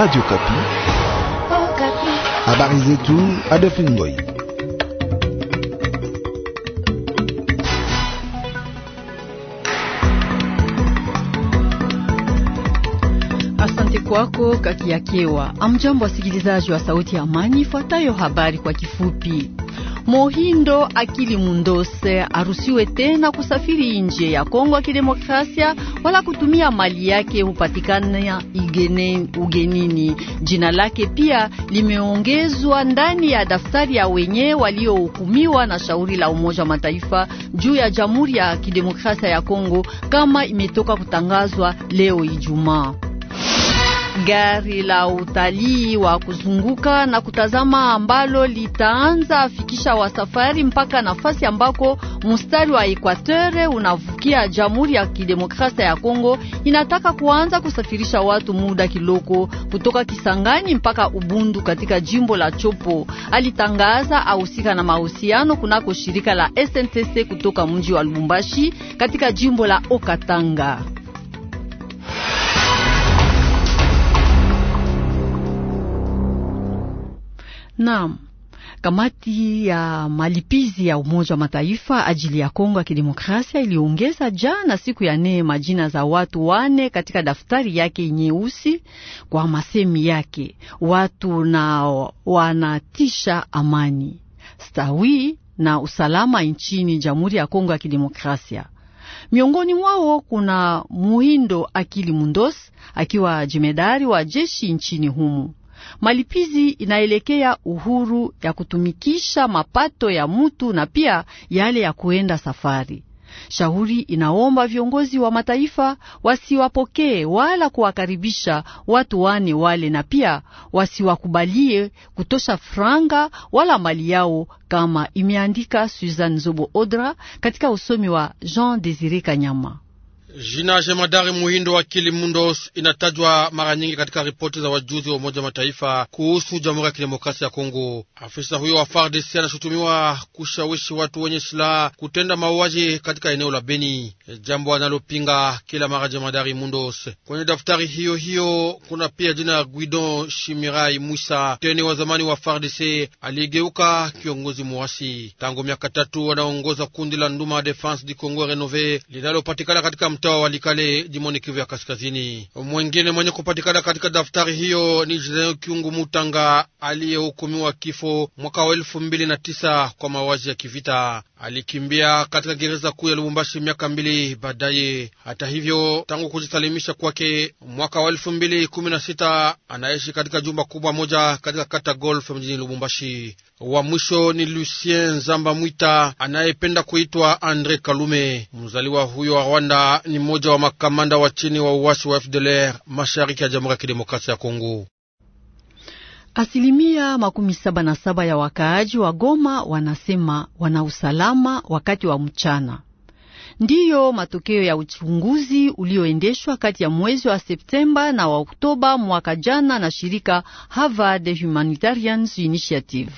Radio Kapi. Oh, Kapi. Habari zetu Adolphine Ngoy. Asante kwako Kakiakewa. Amjambo wasikilizaji wa Sauti ya Amani, fuatayo habari kwa kifupi. Mohindo Akili Mundose arusiwe tena kusafiri nje ya Kongo ya Kidemokrasia wala kutumia mali yake hupatikana igene ugenini. Jina lake pia limeongezwa ndani ya daftari ya wenye waliohukumiwa na shauri la Umoja wa Mataifa juu ya Jamhuri ya Kidemokrasia ya Kongo kama imetoka kutangazwa leo Ijumaa. Gari la utalii wa kuzunguka na kutazama ambalo litaanza afikisha wasafari mpaka nafasi ambako mstari wa Ekwatere unavukia Jamhuri ya Kidemokrasia ya Kongo inataka kuanza kusafirisha watu muda kiloko kutoka Kisangani mpaka Ubundu katika jimbo la Chopo, alitangaza ahusika na mahusiano kunako shirika la SNTC kutoka mji wa Lubumbashi katika jimbo la Okatanga. Naam. Kamati ya malipizi ya Umoja wa Mataifa ajili ya Kongo ya Kidemokrasia iliongeza jana siku ya nne majina za watu wane katika daftari yake nyeusi kwa masemi yake watu na wanatisha amani, stawi na usalama nchini Jamhuri ya Kongo ya Kidemokrasia. Miongoni mwao kuna Muhindo Akili Mundos akiwa jemedari wa jeshi nchini humu. Malipizi inaelekea uhuru ya kutumikisha mapato ya mutu na pia yale ya kuenda safari. Shauri inaomba viongozi wa mataifa wasiwapokee wala kuwakaribisha watu wane wale, na pia wasiwakubalie kutosha franga wala mali yao, kama imeandika Suzanne Zobo Odra katika usomi wa Jean Desire Kanyama. Jina jemadari Muhindo kili Mundos inatajwa mara nyingi katika ripoti za wajuzi wa Umoja Mataifa kuhusu Jamhuri ya Kidemokrasia ya Kongo. Afisa huyo wa FARDC anashutumiwa kushawishi watu wenye silaha kutenda mauaji katika eneo la Beni, jambo analopinga kila mara jemadari Mundos. Kwenye daftari hiyo hiyo kuna pia jina ya Guidon Shimirai Musa, teni wa zamani wa FARDC aliyegeuka kiongozi mwasi. Tangu miaka tatu anaongoza kundi la Nduma Defense du Congo Renove linalopatikana katika mtaa wa Likale jimoni Kivu ya Kaskazini. Mwengine mwenye kupatikana katika daftari hiyo ni Julien Kiungu Mutanga aliyehukumiwa kifo mwaka wa elfu mbili na tisa kwa mauaji ya kivita. Alikimbia katika gereza kuu ya Lubumbashi miaka mbili baadaye. Hata hivyo, tangu kujisalimisha kwake mwaka wa elfu mbili kumi na sita anaishi katika jumba kubwa moja katika kata Golf mjini Lubumbashi. Wa mwisho ni Lucien Zamba Mwita anayependa kuitwa Andre Kalume. Mzaliwa huyo wa Rwanda ni mmoja wa makamanda wa chini wa uwasi wa FDLR mashariki ya Jamhuri ya Kidemokrasia ya Kongo. Asilimia makumi saba na saba ya wakaaji wa Goma wanasema wana usalama wakati wa mchana. Ndiyo matokeo ya uchunguzi ulioendeshwa kati ya mwezi wa Septemba na wa Oktoba mwaka jana na shirika Harvard Humanitarians Initiative.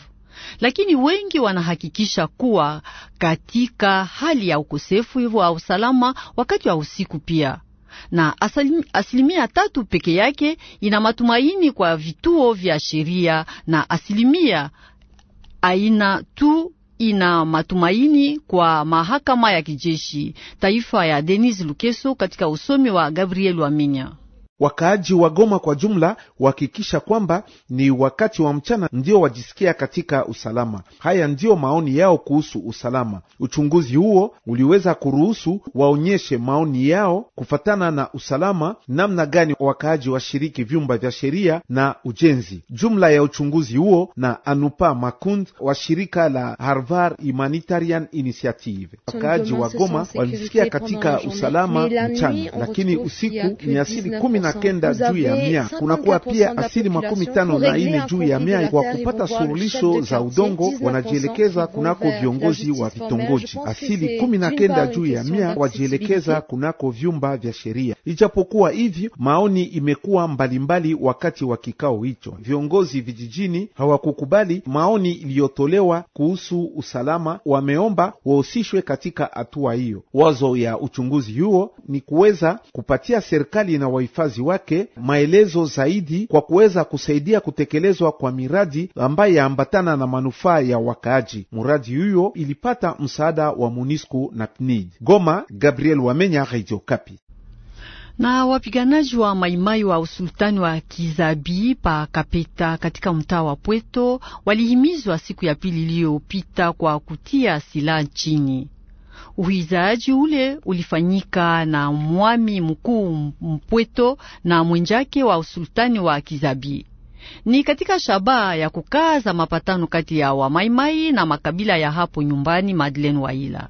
Lakini wengi wanahakikisha kuwa katika hali ya ukosefu wa usalama wakati wa usiku pia na asilimia tatu peke yake ina matumaini kwa vituo vya sheria na asilimia aina tu ina matumaini kwa mahakama ya kijeshi taifa ya Denis Lukeso katika usomi wa Gabriel Waminya wakaaji wa Goma kwa jumla wahakikisha kwamba ni wakati wa mchana ndio wajisikia katika usalama. Haya ndiyo maoni yao kuhusu usalama. Uchunguzi huo uliweza kuruhusu waonyeshe maoni yao kufatana na usalama, namna gani wakaaji washiriki vyumba vya sheria na ujenzi. Jumla ya uchunguzi huo na Anupa Makund wa shirika la Harvard Humanitarian Initiative, wakaaji wa Goma walisikia katika usalama mchana, lakini usiku ni asili kumi na kenda juu ya mia, kunakuwa pia asili makumi tano na ine juu ya mia. Kwa kupata surulisho za udongo wanajielekeza kunako viongozi wa vitongoji, asili kumi na kenda juu ya mia wajielekeza kunako vyumba vya sheria. Ijapokuwa hivyo, maoni imekuwa mbalimbali wakati wa kikao hicho. Viongozi vijijini hawakukubali maoni iliyotolewa kuhusu usalama, wameomba wahusishwe katika hatua hiyo. Wazo ya uchunguzi huo ni kuweza kupatia serikali na wahifadhi wakazi wake maelezo zaidi kwa kuweza kusaidia kutekelezwa kwa miradi ambayo yaambatana na manufaa ya wakaaji. muradi huyo ilipata msaada wa MONUSCO na PNID. Goma, Gabriel Wamenya, Radio na wapiganaji wa maimai wa usultani wa Kizabi pa Kapeta katika mtaa wa Pweto walihimizwa siku ya pili iliyopita kwa kutia silaha chini. Uhizaji ule ulifanyika na mwami mkuu Mpweto na mwenjake wa usultani wa Kizabi. Ni katika shabaha ya kukaza mapatano kati ya Wamaimai na makabila ya hapo nyumbani. Madeleine Waila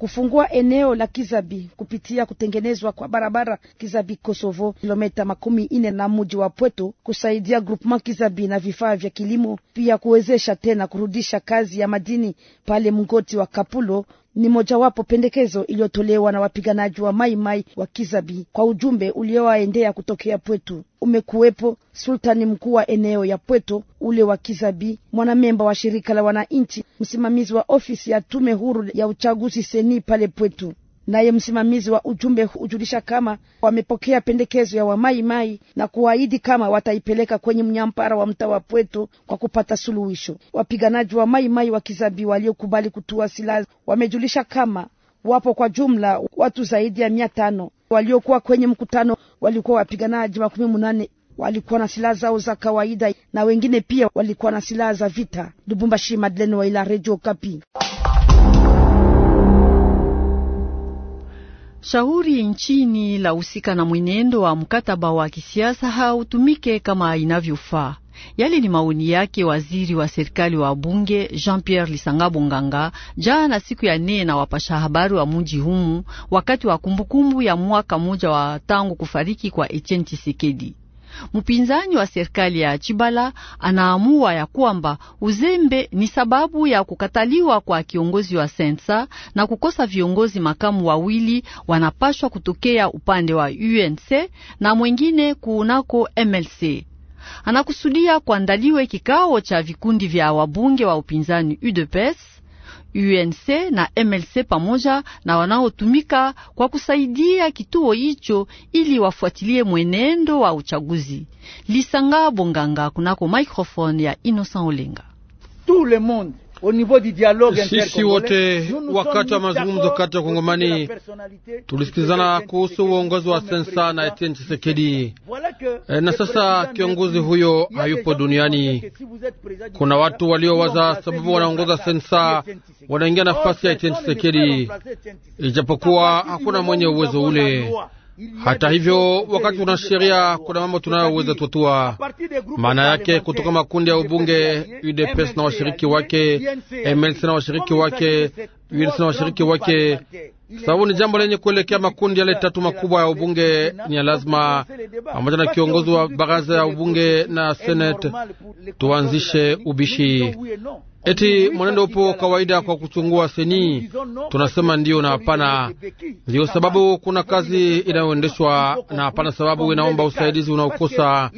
kufungua eneo la Kizabi kupitia kutengenezwa kwa barabara Kizabi Kosovo kilometa makumi ine na muji wa Pweto, kusaidia groupement Kizabi na vifaa vya kilimo, pia kuwezesha tena kurudisha kazi ya madini pale mgoti wa Kapulo ni mojawapo pendekezo iliyotolewa na wapiganaji wa maimai Mai wa Kizabi kwa ujumbe uliowaendea kutokea Pwetu. Umekuwepo sultani mkuu wa eneo ya Pweto ule wa Kizabi, mwanamemba wa shirika la wananchi, msimamizi wa ofisi ya tume huru ya uchaguzi seni pale Pwetu. Naye msimamizi wa ujumbe hujulisha kama wamepokea pendekezo ya wamaimai na kuahidi kama wataipeleka kwenye mnyampara wa mtaa wa Pweto kwa kupata suluhisho. Wapiganaji wa maimai wa Kizabi waliokubali kutua silaha wamejulisha kama wapo kwa jumla watu zaidi ya mia tano waliokuwa kwenye mkutano. Walikuwa wapiganaji makumi munane walikuwa na silaha zao za kawaida na wengine pia walikuwa na silaha za vita. Lubumbashi, Madeleine Waila, Radio Kapi. Shauri nchini la husika na mwenendo wa mkataba wa kisiasa hautumike kama inavyofaa. Yale ni maoni yake waziri wa serikali wa bunge Jean-Pierre lisangabonganga Nganga jana siku ya nne na wapasha habari wa mji humu wakati wa kumbukumbu ya mwaka mmoja wa tangu kufariki kwa Etienne Tshisekedi. Mpinzani wa serikali ya Chibala anaamua ya kwamba uzembe ni sababu ya kukataliwa kwa kiongozi wa sensa na kukosa viongozi makamu wawili wanapashwa kutokea upande wa UNC na mwengine kuunako MLC. Anakusudia kuandaliwe kikao cha vikundi vya wabunge wa upinzani UDPS UNC na MLC pamoja na wanaotumika kwa kusaidia kituo hicho ili wafuatilie mwenendo wa uchaguzi. Lisanga Bonganga kunako microphone ya Innocent Olenga. Tout le monde sisi wote wakati wa mazungumzo kati ya Kongomani tulisikizana kuhusu uongozi wa sensa na Etienne Tshisekedi, eh, na sasa kiongozi huyo hayupo duniani. Kuna watu waliowaza sababu wanaongoza sensa wanaingia nafasi ya Etienne Tshisekedi, ijapokuwa hakuna mwenye uwezo ule. Hata hivyo, wakati una sheria, kuna mambo tunayoweza tutua, maana yake kutoka makundi ya ubunge UDPS na washiriki wake, MLC na washiriki wake, UNC na washiriki wake, sababu ni jambo lenye kuelekea makundi yale tatu makubwa ya ubunge. Ni ya lazima pamoja na kiongozi wa baraza ya ubunge na senate tuanzishe ubishi eti mwenendo upo kawaida kwa kuchungua seni. Tunasema ndiyo na hapana. Ndiyo sababu kuna kazi inayoendeshwa na hapana sababu inaomba usaidizi unaokosa.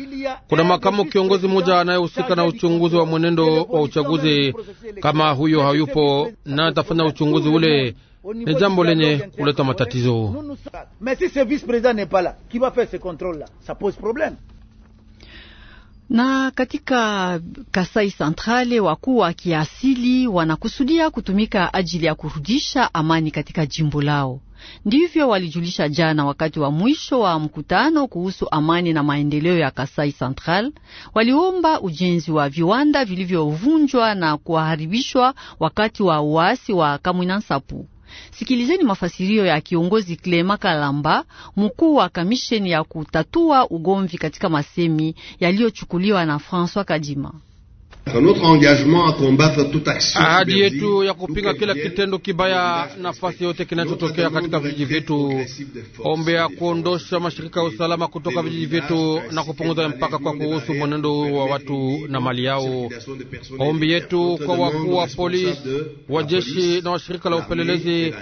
Kuna makamu kiongozi mmoja anayehusika na uchunguzi wa mwenendo wa uchaguzi. Kama huyo hayupo na atafanya uchunguzi ule, ni jambo lenye kuleta matatizo. Na katika Kasai Santrale wakuu wa kiasili wanakusudia kutumika ajili ya kurudisha amani katika jimbo lao. Ndivyo walijulisha jana wakati wa mwisho wa mkutano kuhusu amani na maendeleo ya Kasai Central. Waliomba ujenzi wa viwanda vilivyovunjwa na kuharibishwa wakati wa uasi wa Kamwina Nsapu. Sikilizeni mafasirio ya kiongozi Clema Kalamba, mkuu wa kamisheni ya kutatua ugomvi katika masemi yaliyochukuliwa na François Kadima. Ahadi ah, yetu ya kupinga kila kitendo kibaya nafasi yote kinachotokea katika vijiji vyetu, ombe ya kuondosha mashirika ya usalama kutoka vijiji vyetu na kupunguza mpaka kwa kuhusu mwenendo wa watu na mali yao. Ombi yetu kwa wakuu wa polisi, wa jeshi na washirika la upelelezi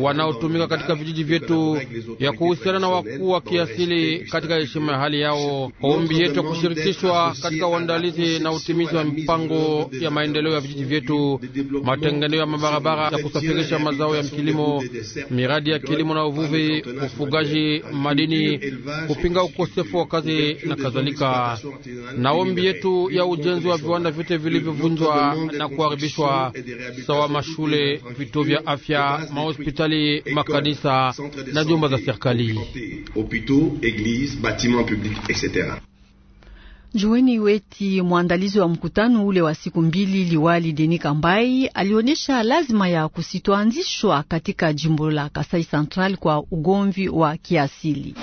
wanaotumika katika vijiji vyetu ya kuhusiana na wakuu wa kiasili katika heshima ya hali yao. Ombi yetu ya kushirikishwa katika uandalizi na utimizi wa mipango ya maendeleo ya vijiji vyetu, matengenezo ya mabarabara ya kusafirisha mazao ya kilimo, miradi ya kilimo na uvuvi, ufugaji, madini, kupinga ukosefu wa kazi na kadhalika. Na ombi yetu ya ujenzi wa viwanda vyote vilivyovunjwa na kuharibishwa, sawa mashule, vituo vya afya, mahospitali, makanisa na jumba za serikali. Jueni Weti, mwandalizi wa mkutano ule wa siku mbili, liwali Deni Kambai alionyesha lazima ya kusitoanzishwa katika jimbo la Kasai Central kwa ugomvi wa kiasili.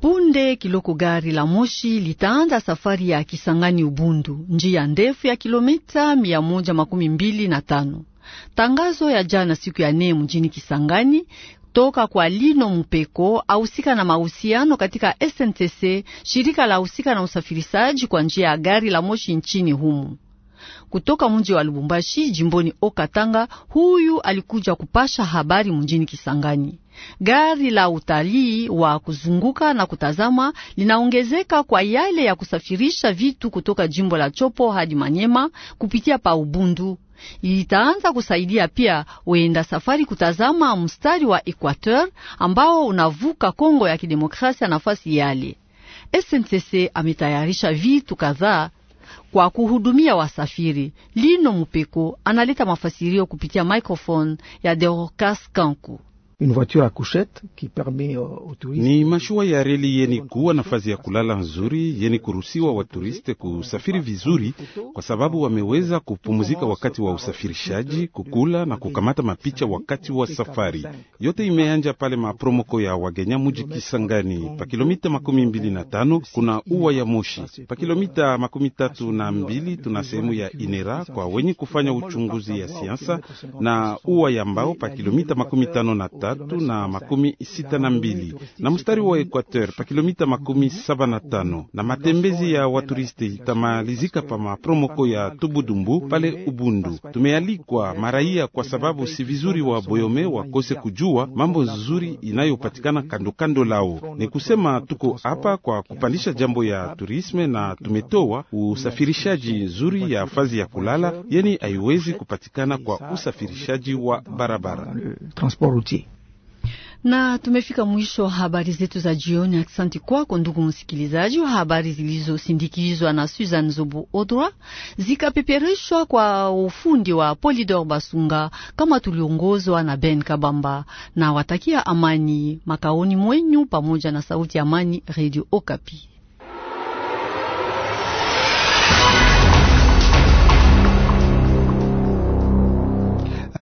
Punde kiloko gari la moshi litaanza safari ya Kisangani Ubundu, njia ndefu ya kilomita tano. Tangazo ya jana siku ya nne mjini Kisangani kutoka kwa Lino Mupeko ahusika na mahusiano katika SNTC, shirika la husika na usafirishaji kwa njia ya gari la moshi nchini humu. Kutoka mji wa Lubumbashi jimboni Okatanga, huyu alikuja kupasha habari mjini Kisangani. Gari la utalii wa kuzunguka na kutazama linaongezeka kwa yale ya kusafirisha vitu kutoka jimbo la Chopo hadi Manyema kupitia pa Ubundu Itaanza kusaidia pia wenda safari kutazama mstari wa Equateur ambao unavuka Kongo ya Kidemokrasia nafasi yale. SNCC ametayarisha vitu kadhaa kwa kuhudumia wasafiri. Lino Mupeko analeta mafasirio kupitia microphone ya Dorcas Kanku une voiture à couchette qui permet aux touristes. Ni mashua ya reli yeni kuwa nafasi ya kulala nzuri yeni kuruhusiwa waturiste kusafiri vizuri, kwa sababu wameweza kupumzika wakati wa usafirishaji, kukula na kukamata mapicha wakati wa safari. Yote imeanja pale mapromoko ya wagenya muji Kisangani, pa kilomita makumi mbili na tano kuna uwa ya moshi, pa kilomita makumi tatu na mbili tuna sehemu ya Inera kwa wenye kufanya uchunguzi ya siasa na uwa ya mbao pa kilomita makumi tano na tano tatu na makumi sita na mbili na mstari wa Ekwateur pa kilomita makumi saba na tano na matembezi ya waturisti itamalizika pa mapromoko ya Tubudumbu pale Ubundu. Tumealikwa maraia kwa sababu si vizuri wa boyome wakose kujua mambo nzuri inayopatikana kandokando lao. Ni kusema tuko hapa kwa kupandisha jambo ya turisme na tumetoa usafirishaji nzuri ya fazi ya kulala, yani haiwezi kupatikana kwa usafirishaji wa barabara transport routier. Na tumefika mwisho wa habari zetu za jioni. Asante kwako ndugu msikilizaji, wa habari zilizosindikizwa na Susan zobu Odra, zikapeperishwa kwa ufundi wa Polidor Basunga, kama tuliongozwa na Ben Kabamba, na watakia amani makaoni mwenyu pamoja na sauti ya amani, Radio Okapi.